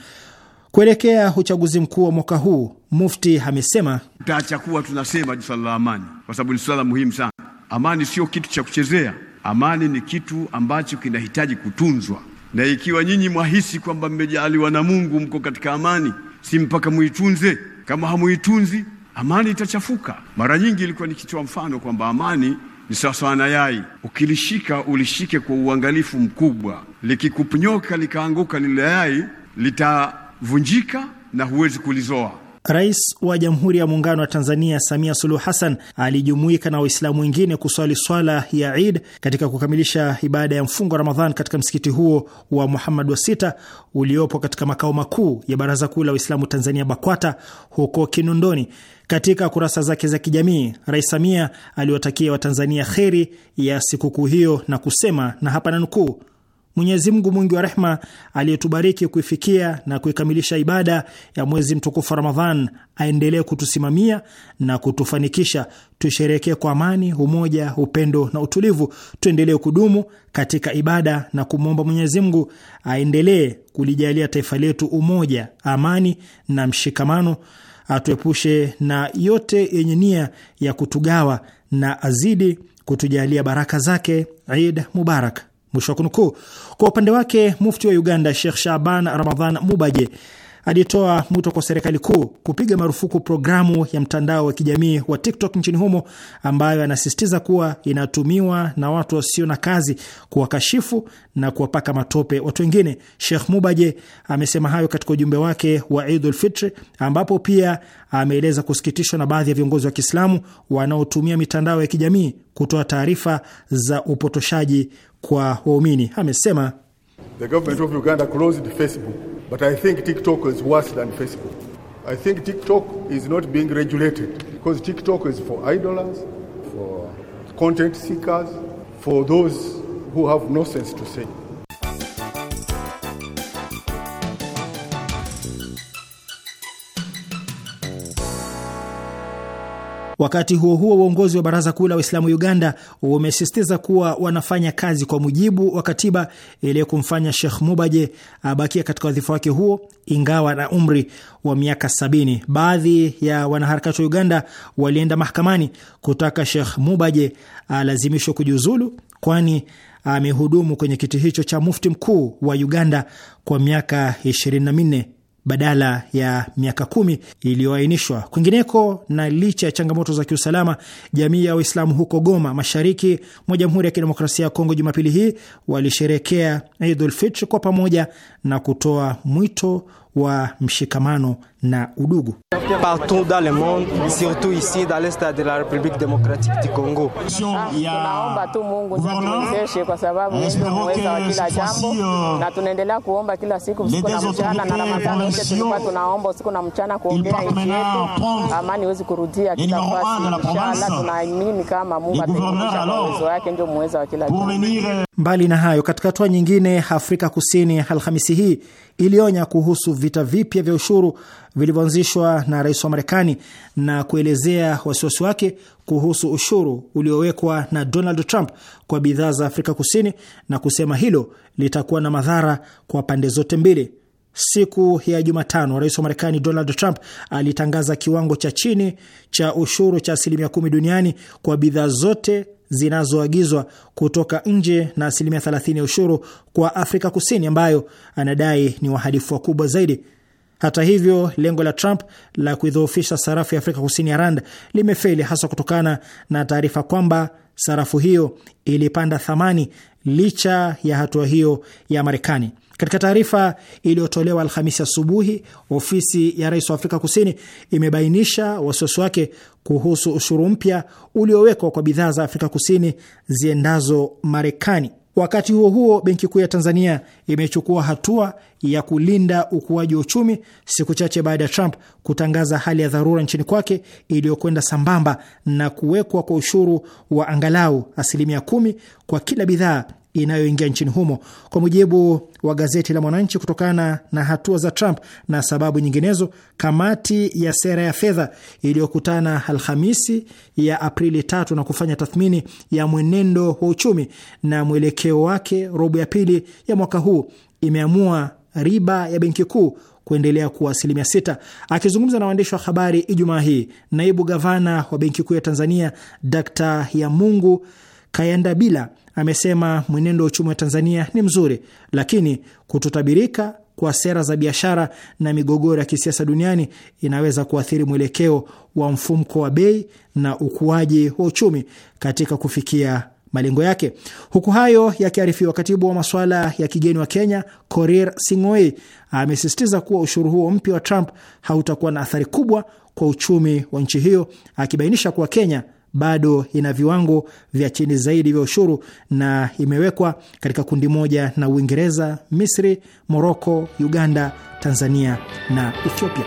Kuelekea uchaguzi mkuu wa mwaka huu, Mufti amesema tutaachakuwa kuwa tunasema swala la amani, kwa sababu ni swala muhimu sana. Amani sio kitu cha kuchezea. Amani ni kitu ambacho kinahitaji kutunzwa, na ikiwa nyinyi mwahisi kwamba mmejaaliwa na Mungu mko katika amani, si mpaka muitunze. Kama hamuitunzi amani itachafuka. Mara nyingi ilikuwa nikitoa mfano kwamba amani ni sawasawa na yai, ukilishika ulishike kwa uangalifu mkubwa, likikupunyoka likaanguka lile yai lita vunjika na huwezi kulizoa. Rais wa Jamhuri ya Muungano wa Tanzania Samia Suluhu Hassan alijumuika na Waislamu wengine kuswali swala ya Id katika kukamilisha ibada ya mfungo wa Ramadhan katika msikiti huo wa Muhammad wa Sita uliopo katika makao makuu ya Baraza Kuu la Waislamu Tanzania BAKWATA huko Kinondoni. Katika kurasa zake za kijamii, Rais Samia aliwatakia Watanzania kheri ya sikukuu hiyo na kusema, na hapa na nukuu Mwenyezi Mungu mwingi wa rehma aliyetubariki kuifikia na kuikamilisha ibada ya mwezi mtukufu wa Ramadhan aendelee kutusimamia na kutufanikisha tusherekee kwa amani, umoja, upendo na utulivu. Tuendelee kudumu katika ibada na kumwomba Mwenyezi Mungu aendelee kulijalia taifa letu umoja, amani na mshikamano, atuepushe na yote yenye nia ya kutugawa na azidi kutujalia baraka zake. Eid Mubarak. Mwisho wa kunukuu. Kwa upande wake, mufti wa Uganda Sheikh Shaban Ramadhan Mubaje alitoa mwito kwa serikali kuu kupiga marufuku programu ya mtandao wa kijamii wa TikTok nchini humo, ambayo anasisitiza kuwa inatumiwa na watu wasio na kazi kuwakashifu na kuwapaka matope watu wengine. Sheikh Mubaje amesema hayo katika ujumbe wake wa Idul Fitri, ambapo pia ameeleza kusikitishwa na baadhi ya viongozi wa Kiislamu wanaotumia mitandao ya kijamii kutoa taarifa za upotoshaji kwa waumini. Amesema The government of Uganda closed Facebook, but I think TikTok is worse than Facebook. I think TikTok is not being regulated because TikTok is for for content seekers, for those who have to say. Wakati huo huo, uongozi wa Baraza Kuu la Waislamu Uganda umesisitiza kuwa wanafanya kazi kwa mujibu wa katiba ili kumfanya Sheikh Mubaje abakia katika wadhifa wake huo ingawa na umri wa miaka sabini. Baadhi ya wanaharakati wa Uganda walienda mahakamani kutaka Sheikh Mubaje alazimishwe kujiuzulu, kwani amehudumu kwenye kiti hicho cha mufti mkuu wa Uganda kwa miaka minne badala ya miaka kumi iliyoainishwa. Kwingineko, na licha ya changamoto za kiusalama, jamii ya Waislamu huko Goma, mashariki mwa Jamhuri ya Kidemokrasia ya Kongo, Jumapili hii walisherekea Idul kwa pamoja na kutoa mwito wa mshikamano na udugu. Partout dans le monde, surtout ici dans l'est de la République démocratique du Congo. Tunaomba tu Mungu tuwezeshe kwa sababu kila jambo na euh, tunaendelea kuomba kila siku usiku na mchana na Ramadhani yote tulikuwa tunaomba usiku na mchana kuombea nchi yetu. Amani iweze kurudia kila Inshallah tunaamini kama Mungu uwezo wake ndio muweza wa kila jambo. Euh, Mbali na hayo, katika hatua nyingine, Afrika Kusini Alhamisi hii ilionya kuhusu vita vipya vya ushuru vilivyoanzishwa na rais wa Marekani na kuelezea wasiwasi wake kuhusu ushuru uliowekwa na Donald Trump kwa bidhaa za Afrika Kusini na kusema hilo litakuwa na madhara kwa pande zote mbili. Siku ya Jumatano, rais wa Marekani Donald Trump alitangaza kiwango cha chini cha ushuru cha asilimia kumi duniani kwa bidhaa zote zinazoagizwa kutoka nje na asilimia 30 ya ushuru kwa Afrika Kusini ambayo anadai ni wahalifu wakubwa zaidi hata hivyo, lengo la Trump la kuidhoofisha sarafu ya Afrika Kusini ya rand limefeli, hasa kutokana na taarifa kwamba sarafu hiyo ilipanda thamani licha ya hatua hiyo ya Marekani. Katika taarifa iliyotolewa Alhamisi asubuhi, ofisi ya rais wa Afrika Kusini imebainisha wasiwasi wake kuhusu ushuru mpya uliowekwa kwa bidhaa za Afrika Kusini ziendazo Marekani. Wakati huo huo, Benki Kuu ya Tanzania imechukua hatua ya kulinda ukuaji wa uchumi siku chache baada ya Trump kutangaza hali ya dharura nchini kwake iliyokwenda sambamba na kuwekwa kwa ushuru wa angalau asilimia kumi kwa kila bidhaa inayoingia nchini humo, kwa mujibu wa gazeti la Mwananchi. Kutokana na hatua za Trump na sababu nyinginezo, kamati ya sera ya fedha iliyokutana Alhamisi ya Aprili tatu na kufanya tathmini ya mwenendo wa uchumi na mwelekeo wake robo ya pili ya mwaka huu imeamua riba ya benki kuu kuendelea kuwa asilimia sita. Akizungumza na waandishi wa habari Ijumaa hii, naibu gavana wa benki kuu ya Tanzania Dkt. Yamungu Kayanda Bila amesema mwenendo wa uchumi wa Tanzania ni mzuri, lakini kutotabirika kwa sera za biashara na migogoro ya kisiasa duniani inaweza kuathiri mwelekeo wa mfumko wa bei na ukuaji wa uchumi katika kufikia malengo yake. Huku hayo yakiarifiwa, katibu wa masuala ya kigeni wa Kenya Korir Sing'oei amesisitiza kuwa ushuru huo mpya wa Trump hautakuwa na athari kubwa kwa uchumi wa nchi hiyo, akibainisha kuwa Kenya bado ina viwango vya chini zaidi vya ushuru na imewekwa katika kundi moja na Uingereza, Misri, Moroko, Uganda, Tanzania na Ethiopia.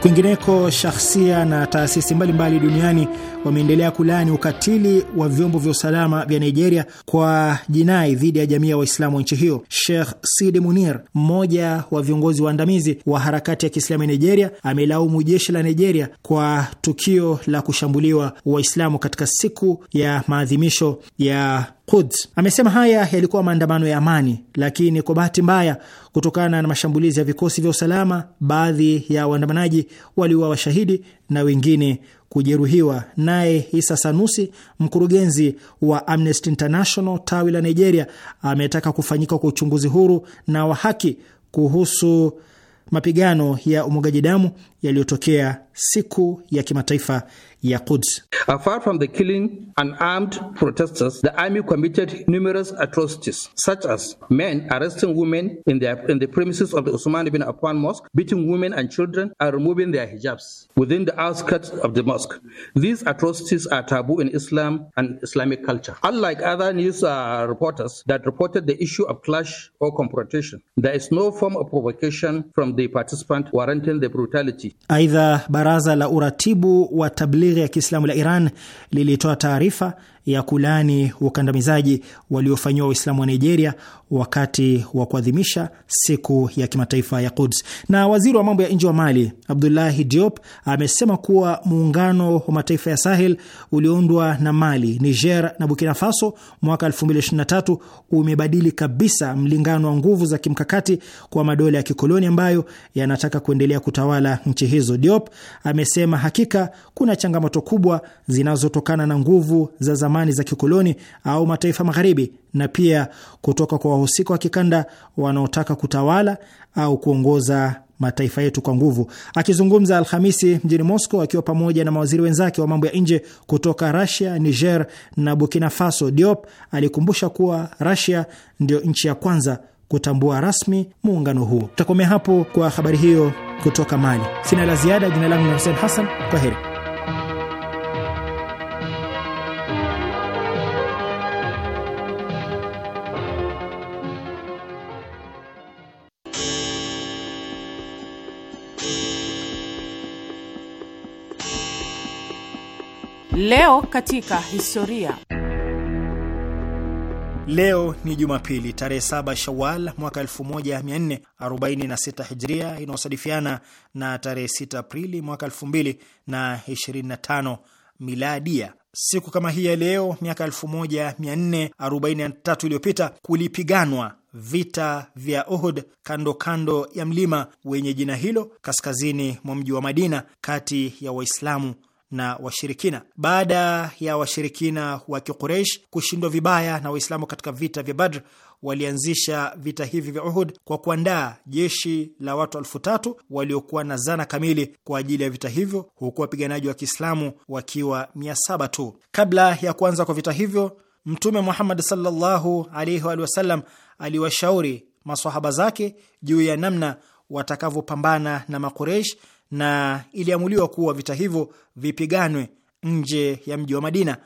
Kwingineko, shahsia na taasisi mbalimbali duniani wameendelea kulaani ukatili wa vyombo vya usalama vya Nigeria kwa jinai dhidi ya jamii ya Waislamu wa nchi hiyo. Sheikh Sidi Munir, mmoja wa viongozi waandamizi wa harakati ya Kiislamu ya Nigeria, amelaumu jeshi la Nigeria kwa tukio la kushambuliwa Waislamu katika siku ya maadhimisho ya Quds. Amesema haya yalikuwa maandamano ya amani, lakini kwa bahati mbaya, kutokana na mashambulizi ya vikosi vya usalama, baadhi ya waandamanaji waliuawa washahidi na wengine kujeruhiwa. Naye Isa Sanusi, mkurugenzi wa Amnesty International tawi la Nigeria, ametaka kufanyika kwa uchunguzi huru na wa haki kuhusu mapigano ya umwagaji damu yaliyotokea siku ya kimataifa Yakutsk. Apart from the killing unarmed protesters, the army committed numerous atrocities, such as men arresting women in, their, in the premises of the Usman ibn Affan mosque, beating women and children, and removing their hijabs within the outskirts of the mosque. These atrocities are taboo in Islam and Islamic culture. Unlike other news uh, reporters that reported the issue of clash or confrontation, there is no form of provocation from the participant warranting the brutality. Either baraza la uratibu wa tablighi Jamhuri ya Kiislamu la Iran lilitoa taarifa ya kulani ukandamizaji waliofanyiwa Waislamu wa Nigeria wakati wa kuadhimisha siku ya kimataifa ya Quds. Na waziri wa mambo ya nje wa Mali Abdullahi Diop amesema kuwa muungano wa mataifa ya Sahel ulioundwa na Mali, Niger na Burkina Faso mwaka 2023 umebadili kabisa mlingano wa nguvu za kimkakati kwa madola ya kikoloni ambayo yanataka kuendelea kutawala nchi hizo. Diop amesema hakika kuna changamoto kubwa zinazotokana na nguvu za zamani zamani za kikoloni au mataifa magharibi, na pia kutoka kwa wahusika wa kikanda wanaotaka kutawala au kuongoza mataifa yetu kwa nguvu. Akizungumza Alhamisi mjini Moscow akiwa pamoja na mawaziri wenzake wa mambo ya nje kutoka rasia Niger na Burkina Faso, Diop alikumbusha kuwa rasia ndio nchi ya kwanza kutambua rasmi muungano huo. Tutakomea hapo kwa habari hiyo kutoka Mali. Sina la ziada. Jina langu ni Hussein Hassan, kwa heri. Leo katika historia. Leo ni Jumapili tarehe 7 Shawal mwaka 1446 Hijria, inayosadifiana na tarehe 6 Aprili mwaka 2025 Miladia. Siku kama hii ya leo miaka 1443 iliyopita kulipiganwa vita vya Uhud kando kando ya mlima wenye jina hilo kaskazini mwa mji wa Madina kati ya Waislamu na washirikina. Baada ya washirikina wa Kiquraish kushindwa vibaya na Waislamu katika vita vya Badr, walianzisha vita hivi vya Uhud kwa kuandaa jeshi la watu elfu tatu waliokuwa na zana kamili kwa ajili ya vita hivyo, huku wapiganaji wa Kiislamu wakiwa mia saba tu. Kabla ya kuanza kwa vita hivyo, Mtume Muhammad sallallahu alaihi wa sallam aliwashauri masahaba zake juu ya namna watakavyopambana na Makureish na iliamuliwa kuwa vita hivyo vipiganwe nje ya mji wa Madina.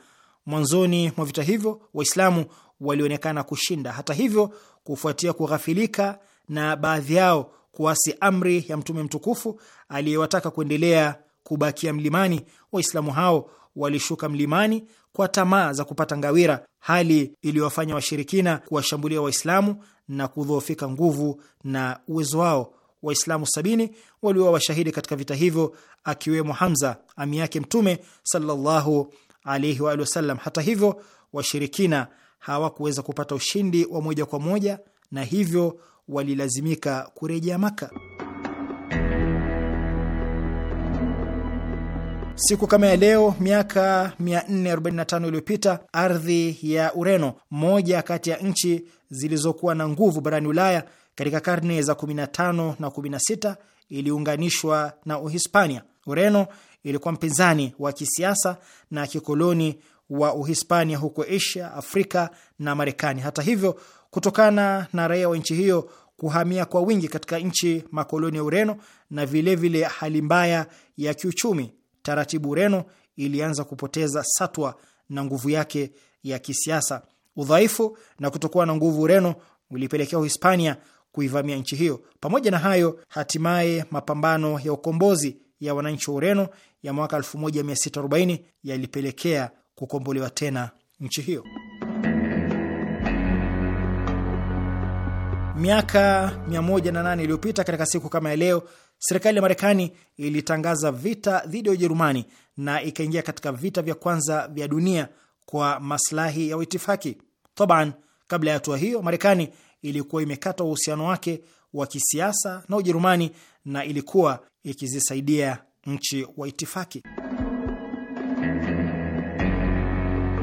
Mwanzoni mwa vita hivyo Waislamu walionekana kushinda. Hata hivyo, kufuatia kughafilika na baadhi yao kuasi amri ya Mtume mtukufu aliyewataka kuendelea kubakia mlimani, Waislamu hao walishuka mlimani kwa tamaa za kupata ngawira, hali iliyowafanya washirikina kuwashambulia Waislamu na kudhoofika nguvu na uwezo wao. Waislamu sabini walioa washahidi katika vita hivyo, akiwemo Hamza ami yake Mtume sallallahu alaihi wa alihi wasallam. Hata hivyo, washirikina hawakuweza kupata ushindi wa moja kwa moja na hivyo walilazimika kurejea Maka. Siku kama ya leo miaka 445 iliyopita ardhi ya Ureno, moja kati ya nchi zilizokuwa na nguvu barani Ulaya, katika karne za 15 na 16 iliunganishwa na Uhispania. Ureno ilikuwa mpinzani wa kisiasa na kikoloni wa Uhispania huko Asia, Afrika na Marekani. Hata hivyo, kutokana na raia wa nchi hiyo kuhamia kwa wingi katika nchi makoloni ya Ureno na vilevile hali mbaya ya kiuchumi, taratibu Ureno ilianza kupoteza satwa na nguvu yake ya kisiasa. Udhaifu na kutokuwa na nguvu Ureno ulipelekea Uhispania kuivamia nchi hiyo. Pamoja na hayo, hatimaye mapambano ya ukombozi ya wananchi wa Ureno ya mwaka 1640 yalipelekea kukombolewa tena nchi hiyo. Miaka 108 iliyopita katika siku kama ya leo, serikali ya Marekani ilitangaza vita dhidi ya Ujerumani na ikaingia katika vita vya kwanza vya dunia kwa maslahi ya waitifaki. Taban, kabla ya hatua hiyo, Marekani ilikuwa imekata uhusiano wake wa kisiasa na Ujerumani na ilikuwa ikizisaidia nchi wa itifaki.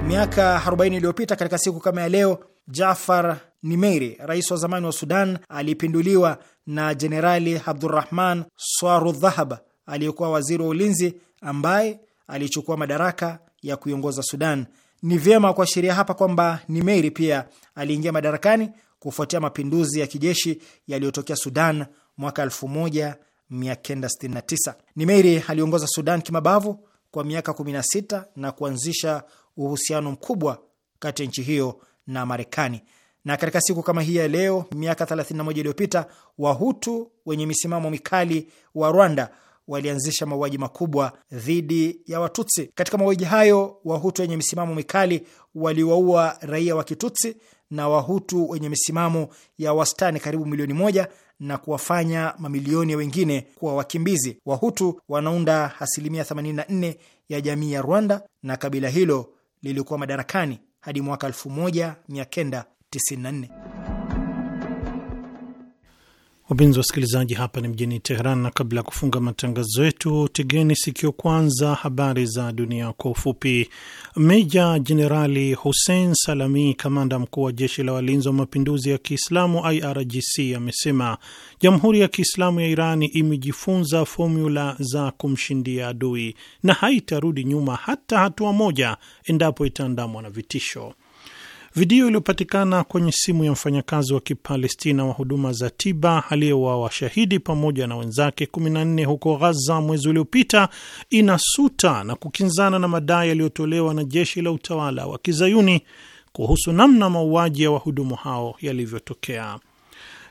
Miaka 40 iliyopita katika siku kama ya leo, Jafar Nimeiri, rais wa zamani wa Sudan, alipinduliwa na Jenerali Abdurrahman Swarudhahab aliyekuwa waziri wa ulinzi, ambaye alichukua madaraka ya kuiongoza Sudan. Ni vyema kuashiria hapa kwamba Nimeiri pia aliingia madarakani kufuatia mapinduzi ya kijeshi yaliyotokea Sudan mwaka 1969. Nimeiri aliongoza Sudan kimabavu kwa miaka 16 na kuanzisha uhusiano mkubwa kati ya nchi hiyo na Marekani. Na katika siku kama hii ya leo miaka 31 iliyopita, Wahutu wenye misimamo mikali wa Rwanda walianzisha mauaji makubwa dhidi ya Watutsi. Katika mauaji hayo, Wahutu wenye misimamo mikali waliwaua raia wa Kitutsi na Wahutu wenye misimamo ya wastani karibu milioni moja na kuwafanya mamilioni wengine kuwa wakimbizi. Wahutu wanaunda asilimia 84 ya jamii ya Rwanda na kabila hilo lilikuwa madarakani hadi mwaka 1994. Wapenzi wasikilizaji, hapa ni mjini Teheran, na kabla ya kufunga matangazo yetu, tegeni sikio kwanza habari za dunia kwa ufupi. Meja Jenerali Hussein Salami, kamanda mkuu wa jeshi la walinzi wa mapinduzi ya Kiislamu IRGC, amesema jamhuri ya Kiislamu ya Iran imejifunza fomula za kumshindia adui na haitarudi nyuma hata hatua moja endapo itaandamwa na vitisho. Video iliyopatikana kwenye simu ya mfanyakazi wa Kipalestina wa huduma za tiba aliyeuawa shahidi pamoja na wenzake 14 huko Ghaza mwezi uliopita inasuta na kukinzana na madai yaliyotolewa na jeshi la utawala wa kizayuni kuhusu namna mauaji ya wahudumu hao yalivyotokea.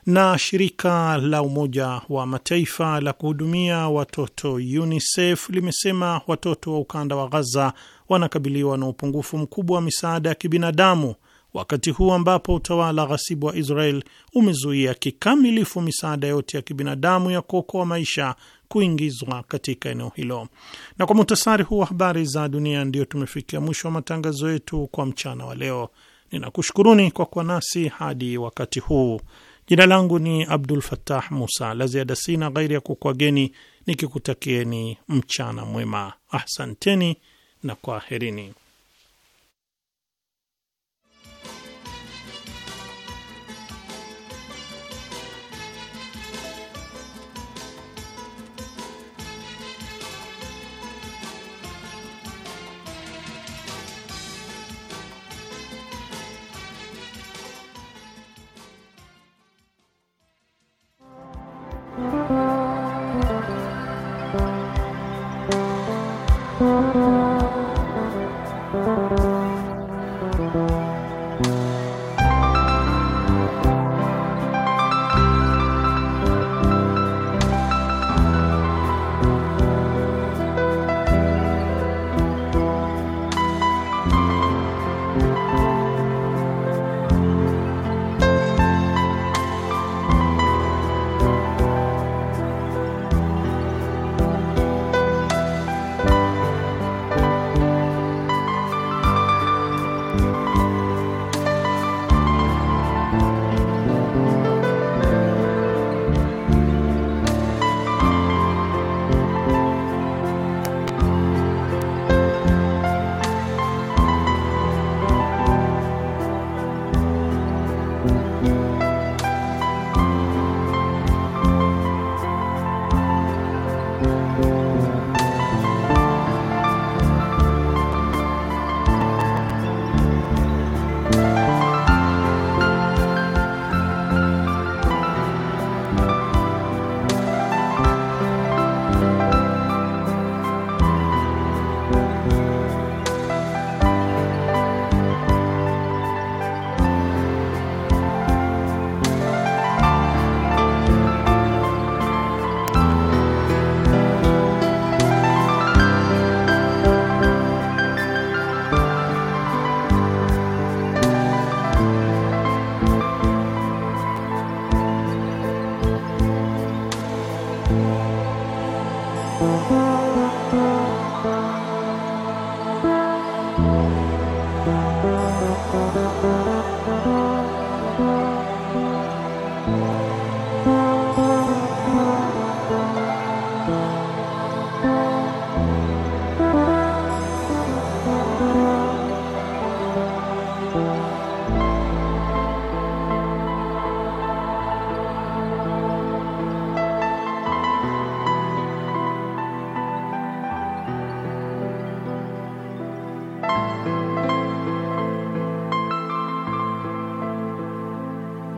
Na shirika la Umoja wa Mataifa la kuhudumia watoto UNICEF limesema watoto wa ukanda wa Ghaza wanakabiliwa na upungufu mkubwa wa misaada ya kibinadamu wakati huu ambapo utawala ghasibu wa Israel umezuia kikamilifu misaada yote ya kibinadamu ya kuokoa maisha kuingizwa katika eneo hilo. Na kwa muhtasari huu wa habari za dunia, ndiyo tumefikia mwisho wa matangazo yetu kwa mchana wa leo. Ninakushukuruni kwa kuwa nasi hadi wakati huu. Jina langu ni Abdul Fattah Musa. La ziada sina ghairi ya kukwageni nikikutakieni mchana mwema. Ahsanteni na kwaherini.